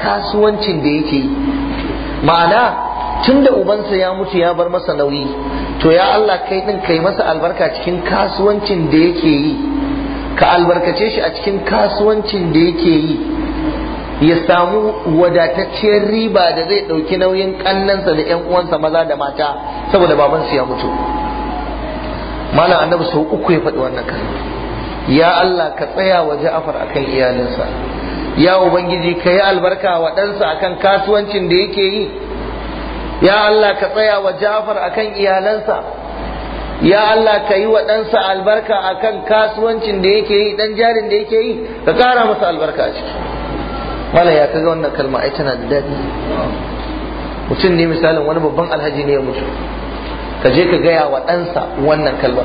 Speaker 1: Ma'ana معناه tunda ubansa ya mutu ya bar masa nauyi to ya Allah kai din kai masa albarka cikin kasuwancin da yake yi ka albarkace shi a cikin kasuwancin da yake yi ya samu wadatacciyar riba da zai ɗauki nauyin ƙannansa da 'yan uwansa maza da mata saboda babansu ya mutu malam annabi sau uku ya faɗi wannan kan ya Allah ka tsaya wa Ja'far akan iyalinsa ya ubangiji ka yi albarka wa ɗansa akan kasuwancin da yake yi ya Allah ka tsaya wa Ja'far akan iyalansa ya Allah ka yi wa ɗansa albarka akan kasuwancin da yake yi ɗan jarin da yake yi ka ƙara masa albarka a ciki mala ya kaga wannan kalma ai tana da daɗi mutum ne misalin wani babban alhaji ne ya mutu ka je ka gaya wa ɗansa wannan kalmar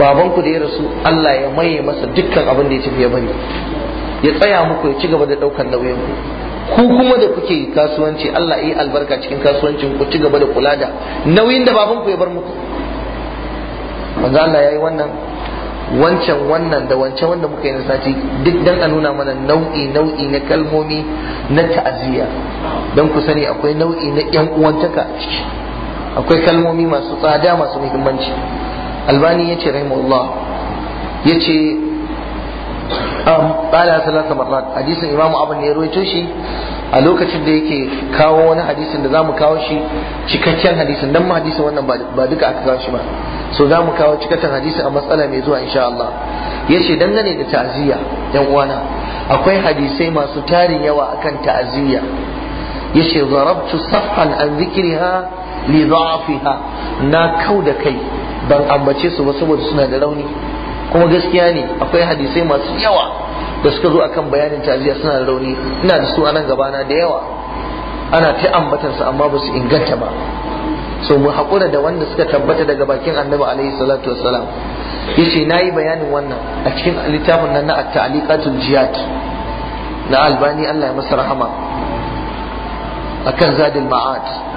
Speaker 1: babanku da ya rasu Allah ya maye masa dukkan abin da ya tafi ya bari ya tsaya muku ya ci gaba da ɗaukar nauyin ku ku kuma da kuke kasuwanci Allah ya yi albarka cikin kasuwancin ku ci gaba da kula da nauyin da babanku ya bar muku manzo Allah yi wannan wancan wannan da wancan wanda muka yi na sati duk dan a nuna mana nau'i nau'i na kalmomi na ta'aziyya don ku sani akwai nau'i na yan uwantaka a ciki akwai kalmomi masu tsada masu muhimmanci albani ya ce rahimahullah ya ce ƙala salata marat hadisin imamu abin da ya ruwaito shi a lokacin da yake kawo wani hadisin da zamu kawo shi cikakken hadisin dan ma hadisin wannan ba duka aka kawo shi ba so zamu kawo cikakken hadisin a matsala mai zuwa insha Allah yace dangane da ta'aziyya yan uwana akwai hadisai masu tarin yawa akan ta'aziyya yace zarabtu safan an ha? li dha'fiha na kau da kai ban ambace su ba saboda suna da rauni kuma gaskiya ne akwai hadisai masu yawa da suka zo akan bayanin taziya suna da rauni ina da su a nan gabana da yawa ana ta ambatan su amma ba su inganta ba so mu haƙura da wanda suka tabbata daga bakin annabi alaihi salatu wassalam yace nayi bayanin wannan a cikin littafin nan na at-ta'liqatul jihad na albani Allah ya masa rahama akan zadil ma'ad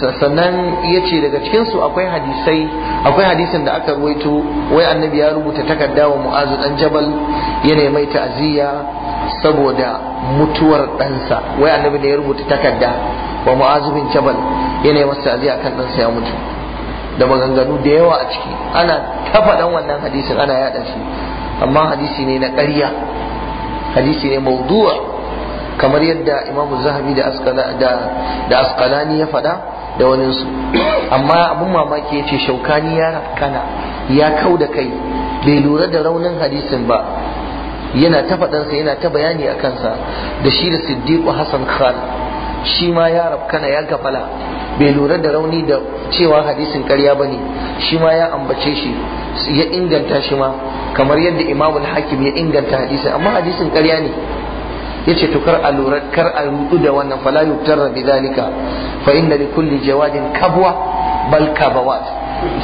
Speaker 1: sannan ya ce daga cikinsu akwai hadisai akwai hadisin da aka ruwaito wai annabi ya rubuta takarda wa mu'azu dan jabal ya mai ta'aziyya saboda mutuwar ɗansa wai annabi da ya rubuta takarda wa mu'azu bin jabal ya masa ta'aziyya kan ɗansa ya mutu da maganganu da yawa a ciki ana kafaɗan wannan hadisin ana yaɗa shi amma hadisi ne na ƙarya hadisi ne mawdu'a kamar yadda imamu zahabi da asqalani ya faɗa da waninsu amma abin mamaki ya ce shaukani ya rafkana ya kau da kai bai lura da raunin hadisin ba yana ta faɗansa yana ta bayani a kansa da shi da siddiqu hassan khan shi ma ya rafkana ya gafala bai lura da rauni da cewa hadisin karya ba ne shi ma ya ambace shi ya inganta shi ma kamar yadda imamul hakim ya inganta hadisin amma hadisin karya ne yace to kar a lura kar a rudu da wannan fala yuktarra bidhalika fa inna li kulli jawadin kabwa bal kabawat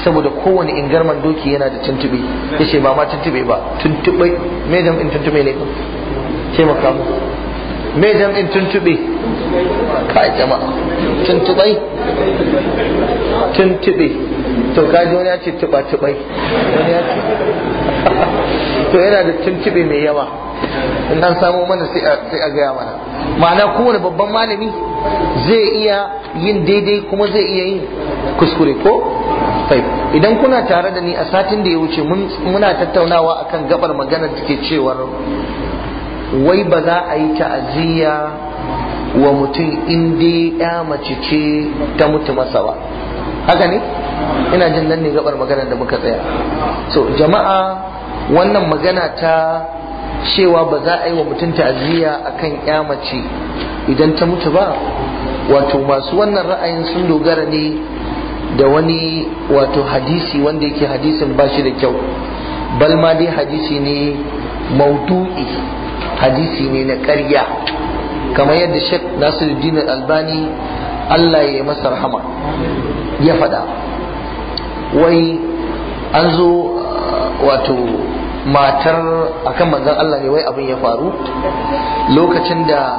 Speaker 1: saboda kowane ingarman doki yana da tuntube yace ba ma tuntube ba tuntube me jam in tuntube ne ce maka mu me jam in tuntube kai jama'a tuntube tuntube to kaji wani ya ce tuba tubai wani ya
Speaker 2: ce
Speaker 1: to yana da tuntube mai yawa in an samo mana sai a gaya mana ma'ana kowane babban malami zai iya yin daidai kuma zai iya yin kuskure ko idan kuna tare da ni a satin da ya wuce muna tattaunawa akan gabar magana da ke cewar wai ba za a yi ta'aziyya wa mutum in dai ya mace ce ta mutu masa ba haka ne ina jin nan ne gabar magana da muka tsaya so jama'a wannan magana ta cewa ba za a yi wa mutum ta'aziyya akan ya mace idan ta mutu ba wato masu wannan ra'ayin sun dogara ne da wani wato hadisi wanda yake hadisin ba shi da kyau bal dai hadisi ne maudu'i hadisi ne na karya kamar yadda Sheikh Nasiruddin Albani Allah ya yi masa rahama ya faɗa wai an zo wato matar akan manzan Allah ne wai abin ya faru lokacin da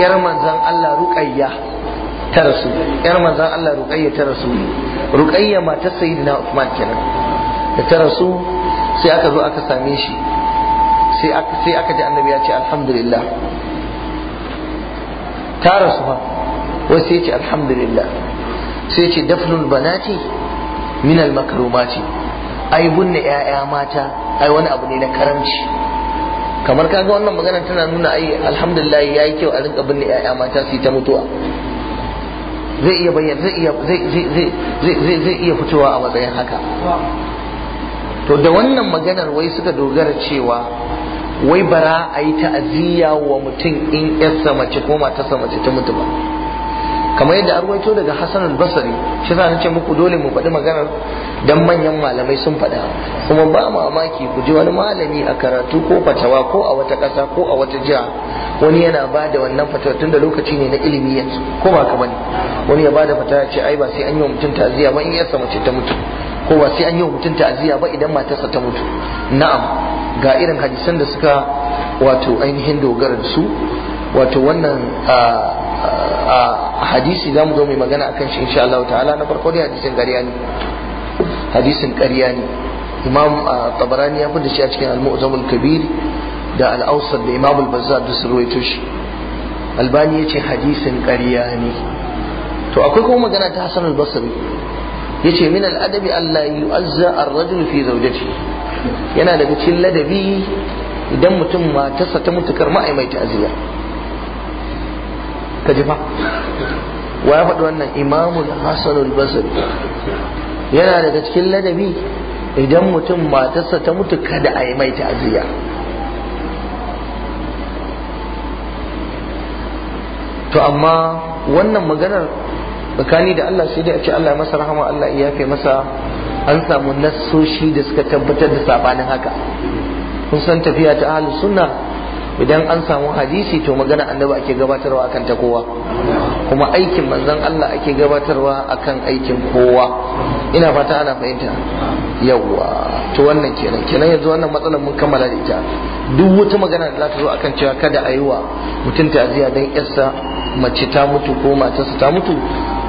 Speaker 1: yar manzan Allah ruqayya ta rasu yar manzan Allah ruqayya ta rasu ruqayya matar sayyidina Uthman kenan da ta rasu sai aka zo aka same shi sai aka sai aka ji annabi ya ce alhamdulillah ta rasu fa wai sai ce alhamdulillah sai ce dafnul banati min al makrumati ai bunne ƴaƴa mata ai wani abu ne na karamci kamar kaga wannan magana tana nuna ai alhamdulillah yayi kyau a rinka binne ƴaƴa mata su ta mutuwa zai iya bayyana zai iya zai zai zai zai iya fitowa a matsayin haka to da wannan maganar wai suka dogara cewa wai bara a yi ta'aziyya wa mutum in yarsa mace ko matarsa mace ta mutu ba kamar yadda a ruwaito daga Hassan al-Basri shi sa nace muku dole mu faɗi maganar don manyan malamai sun faɗa kuma ba mamaki ku ji wani malami a karatu ko fatawa ko a wata ƙasa ko a wata jiha wani yana ba da wannan fatawa tun da lokaci ne na ilimi yanzu ko ba ka bane wani ya ba da fatawa ce ai ba sai an yi wa mutum ta'aziyya ba in yarsa mace ta mutu ko ba sai an yi wa mutum ta'aziyya ba idan matarsa ta mutu na'am ga irin hadisan da suka wato ainihin dogara da su wato wannan a ah, ah, hadisi za mu zo mai magana akan shi insha Allah ta'ala na farko dai hadisin ƙarya ne hadisin ƙarya ne imam ah, tabarani ya shi a cikin al-mu'zamul kabir da al-awsat da imam al-bazzar da surwaito shi albani yace hadisin ƙarya ne to akwai kuma magana ta hasan al-basri yace min al-adabi Allah yu'azza ar-rajul fi zawjati yana daga cikin ladabi idan mutum matarsa ta mutukar ma'aimaita aziya ka ji fa wa ya faɗi wannan imamul hasanul basri yana daga cikin ladabi idan mutum matarsa ta mutu kada a yi mai ta'aziyya to amma wannan maganar tsakani da Allah sai dai a ce Allah masa rahama Allah ya yafe masa an samu nassoshi da suka tabbatar da sabanin haka kun san tafiya ta ahlus sunna idan an samu hadisi to magana annabi ake gabatarwa akan ta kowa kuma aikin manzon Allah ake gabatarwa akan aikin kowa ina fata ana fahimta yawwa to wannan kenan kenan yanzu wannan matsalar mun kammala da ita duk wata magana da za ta zo akan cewa kada a yi wa mutum dan yarsa mace ta mutu ko matarsa ta mutu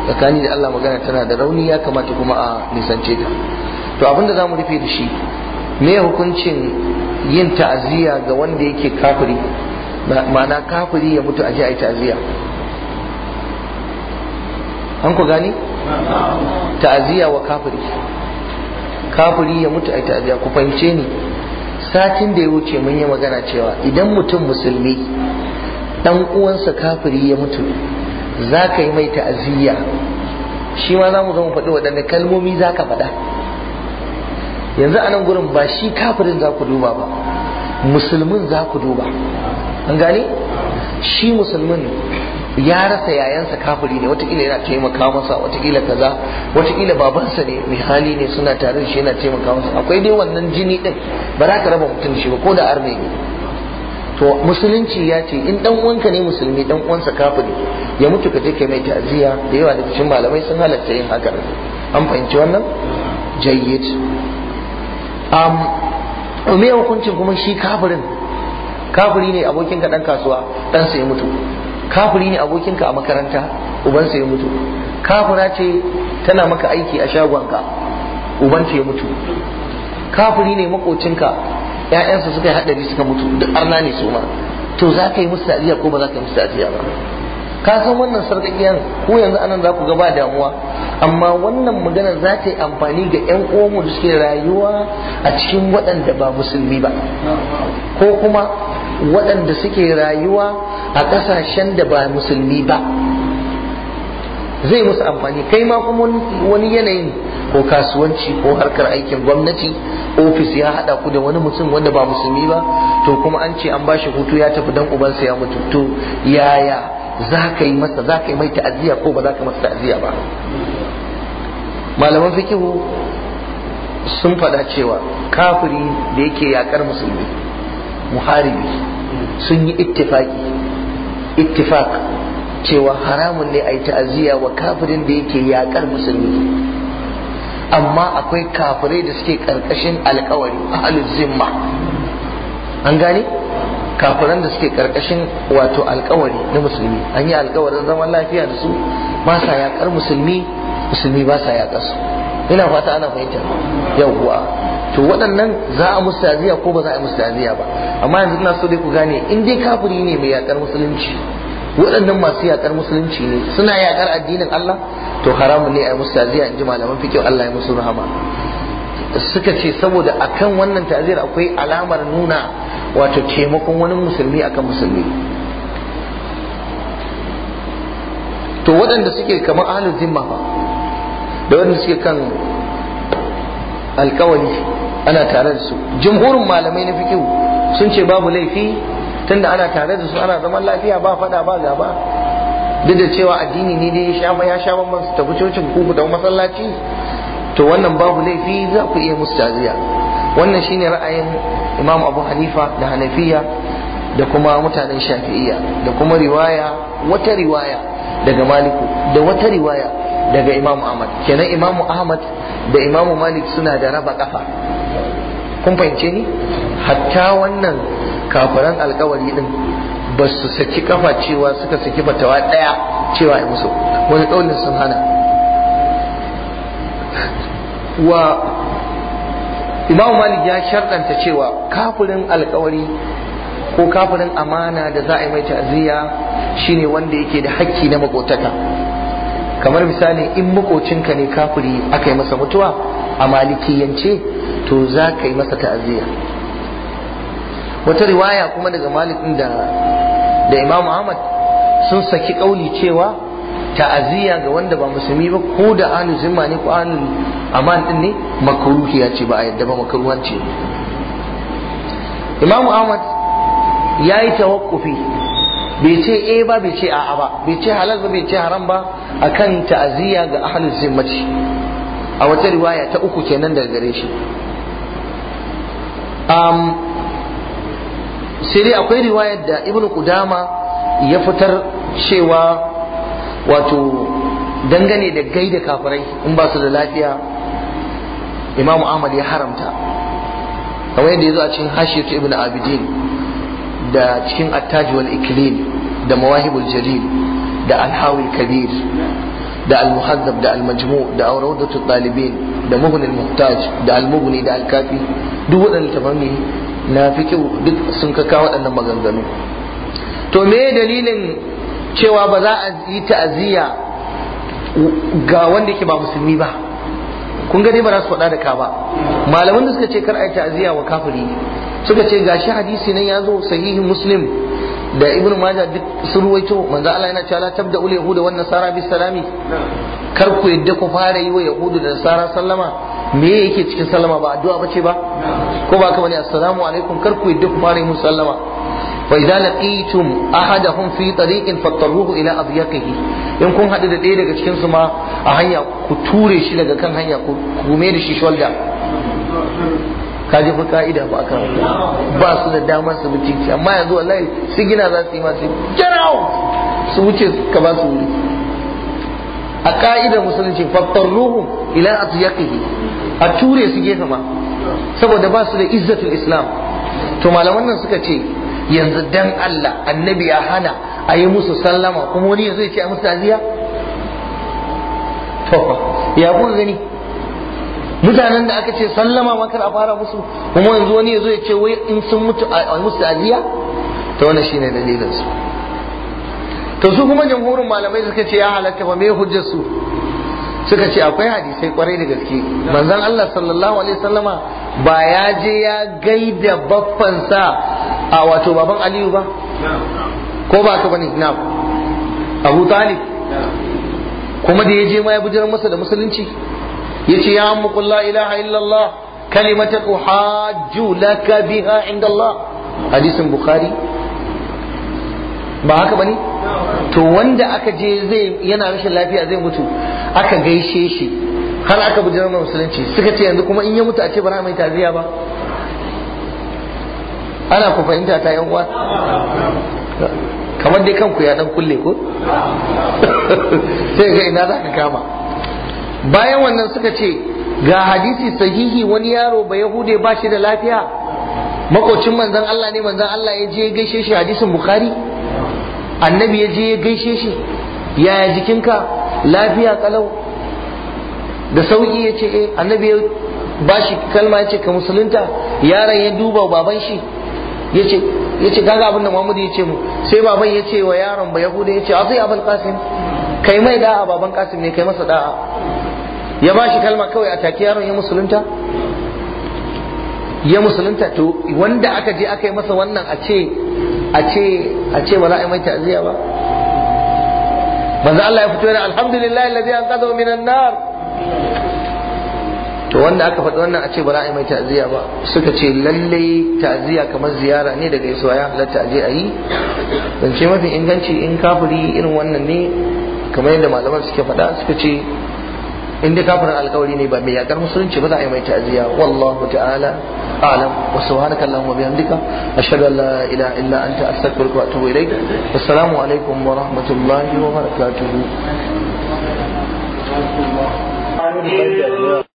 Speaker 1: tsakani da Allah magana tana da rauni ya kamata kuma a nisance ta to abinda zamu rufe da shi me hukuncin yin ta'aziyya ga wanda yake kafiri ma'ana kafiri ya mutu aje ji a yi ta'aziyya an ku gani ta'aziyya wa kafiri kafiri ya mutu a yi ta'aziyya ku fahimce ni satin da ya wuce mun yi magana cewa idan mutum musulmi dan uwansa kafiri ya mutu za ka yi mai ta'aziyya shi ma za mu zo mu faɗi waɗanda kalmomi za ka faɗa yanzu a nan gurin ba shi kafirin za ku duba ba musulmin za ku duba an gane shi musulmin ya rasa yayansa kafiri ne watakila yana taimaka masa watakila kaza watakila babansa ne mai hali ne suna tare shi yana taimaka masa akwai dai wannan jini din ba za ka raba mutum shi ba ko da arme ne to musulunci ya ce in dan uwanka ne musulmi dan uwansa kafiri ya mutu ka je kai mai ta'aziyya da yawa daga cikin malamai sun halatta yin haka an fahimci wannan jayyid um ya hukuncin kuma shi kafirin kafiri ne abokinka dan kasuwa dan sai mutu kafiri ne abokinka a makaranta uban sai mutu kafira ce tana maka aiki a shagonka uban ya mutu kafiri ne makocinka 'ya'yansa suka yi haɗari suka mutu duk arna ne su ma to za ka yi musu ta'aziyya ko ba za ka yi musu ta'aziyya ba ka san wannan sarƙaƙiyar ko yanzu anan za ku gaba damuwa amma wannan magana za ta yi amfani ga 'yan uwanmu da suke rayuwa a cikin waɗanda ba musulmi ba ko kuma waɗanda suke rayuwa a ƙasashen da ba musulmi ba zai musu amfani kai ma kuma wani yanayin ko kasuwanci ko harkar aikin gwamnati ofis ya haɗa ku da wani mutum wanda ba musulmi ba to kuma an ce an ba shi hutu ya tafi dan ubansa ya mutu to yaya za ka yi masa za ka yi mai ta'aziyya ko ba za ka masa ta'aziyya ba malaman fikihu sun faɗa cewa kafiri da yake yakar musulmi muharibi sun yi ittifaki ittifak cewa haramun ne a yi ta'aziyya wa kafirin da yake yakar musulmi amma akwai kafirai da suke karkashin alkawari ahlul zimma an gane kafiran da suke karkashin wato alkawari na musulmi an yi alkawarin zaman lafiya da su ba sa yakar musulmi musulmi ba sa yakar su ina fata ana fahimta yawwa to waɗannan za a musu ko ba za a musu taziya ba amma yanzu ina so dai ku gane in dai kafiri ne mai yakar musulunci waɗannan masu yakar musulunci ne suna yakar addinin Allah to haramun ne a musu taziya in ji malaman fikin Allah ya musu rahama suka ce saboda akan wannan ta'azir akwai alamar nuna wato taimakon wani musulmi akan musulmi to waɗanda suke kamar ahalin zimma ba da waɗanda suke kan alkawali ana tare da su jumhurin malamai na fikihu sun ce babu laifi tunda ana tare da su ana zaman lafiya ba faɗa ba gaba duk da cewa addini ne dai ya sha ya sha ban su tafi cocin ku ku masallaci to wannan babu laifi za ku iya musu taziya wannan shine ra'ayin imam abu hanifa da hanafiya da kuma mutanen shafi'iyya da kuma riwaya wata riwaya daga maliku da wata riwaya daga imam ahmad kenan imam ahmad da imam malik suna da raba kafa kun fahimce ni hatta wannan kafiran alkawari din ba su saki kafa cewa suka saki fatawa daya cewa ai musu wani kaulin sun hana wa imamu malik ya sharɗanta cewa kafirin alkawari ko kafirin amana da za a yi mai ta'aziyya shine wanda yake da haƙƙi na makotaka kamar misali in makocinka ne kafiri aka yi masa mutuwa a malikiyance to za ka yi masa ta'aziyya wata riwaya kuma daga malik da imamu imam ahmad sun saki kauli cewa ta'aziyya ga wanda ba musulmi ba ko da anu zimma ne ko anu aman din ne ya ce ba a yadda ba makruhan ce Imam Ahmad yayi tawakkufi bai ce eh ba bai ce a'a ba bai ce halal ba bai ce haram ba akan ta'aziyya ga zimma ce.
Speaker 2: a wata riwaya
Speaker 1: ta uku kenan daga gare shi sai dai akwai riwayar da ibnu kudama ya fitar cewa wato dangane da gaida kafirai in ba su da lafiya imamu ahmad ya haramta kamar yadda ya zo a cikin hashiyatu ibn abidin da cikin attaji wal iklil da mawahibul jalil da alhawi kabir da almuhazzab da almajmu da auradatu talibin da mugunin muhtaj da almughni da alkafi duk waɗannan tafanni na kyau duk sun kaka waɗannan maganganu to me dalilin cewa ba za a yi ta'aziyya ga wanda ke ba musulmi ba kun gani ba za su faɗa da ka ba malaman da suka ce kar a yi ta'aziyya wa kafiri suka ce gashi hadisi nan ya zo sahihin muslim da ibnu majah duk sun ruwaito manzo Allah yana cewa la tabda ul yahud wa nasara bis salami kar ku yadda ku fara yi wa yahudu da nasara sallama me yake cikin sallama ba addu'a bace ba ko ba ka bane assalamu alaikum kar ku yadda ku fara yi musu sallama وإذا لقيتم أحدهم في طريق فاضطروه إلى أضيقه إن كن هذا دي daga cikin su ma a hanya ku ture shi daga kan hanya ku gume da shi shwalda ka ji fa ka'ida ba aka ba su da damar su wuce amma yanzu wallahi su gina za su yi masu get su wuce ka ba su wuri a ka'ida musulunci ruhu ila atyaqihi a ture su gefe ma saboda ba su da izzatul islam to malaman nan suka ce yanzu dan Allah annabi ya hana a yi musu sallama kuma wani yanzu ya ce a musu taziya to ya kuka gani mutanen da aka ce sallama ma a fara musu kuma yanzu wani yanzu ya ce wai in sun mutu a musu taziya Ta wani shi ne dalilinsu? to su kuma jamhurin malamai suka ce ya halatta ba me hujjarsu suka ce akwai hadisai kwarai da gaske manzon Allah sallallahu alaihi wasallama ba ya je ya gaida baffansa a wato baban Aliyu ba ko ba ka bane na Abu Talib kuma da ya je ma ya bujiran masa da musulunci ya ce ya amma la ilaha illallah kalimatan uhajju laka biha inda Allah hadisin Bukhari ba haka bane to wanda aka je zai yana rashin lafiya zai mutu aka gaishe shi har aka na musulunci suka ce yanzu kuma in ya mutu a ce bara mai taziya ba ana ku fahimta ta yan uwa kamar dai kanku ya dan kulle ko sai ga ina za ka kama bayan wannan suka ce ga hadisi sahihi wani yaro ba yahude ba shi da lafiya makocin manzon Allah ne manzon Allah ya je gaishe shi hadisin bukhari annabi ya je ya gaishe shi yaya jikinka lafiya kalau da sauki ya ce eh annabi ya ba shi kalma ya ce ka musulunta yaron ya duba baban shi ya ce gaga kaga abin da Muhammadu ya ce mu sai baban ya ce wa yaron ba Yahuda ya ce zai abul qasim kai mai da'a baban qasim ne kai masa da'a ya ba shi kalma kawai a take yaron ya musulunta ya musulunta to wanda aka je aka yi masa wannan a ce a ce ba za a yi mai ta'aziyya ba manzo Allah ya fito yana alhamdulillah allazi anqadha minan nar to wanda aka faɗi wannan a ce ba za a yi mai ta'aziyya ba suka ce lalle ta'aziyya kamar ziyara ne daga isuwa ya halatta a je a yi zance mafi inganci in kafiri irin wannan ne kamar yadda malaman suke faɗa suka ce in dai kafirin alkawari ne ba mai yakar musulunci ba za a yi mai ta'aziyya wallahu ta'ala a'lam wa subhanaka allahumma bihamdika ashhadu an la ilaha illa anta astaghfiruka wa atubu ilaik assalamu
Speaker 2: alaikum wa rahmatullahi wa barakatuh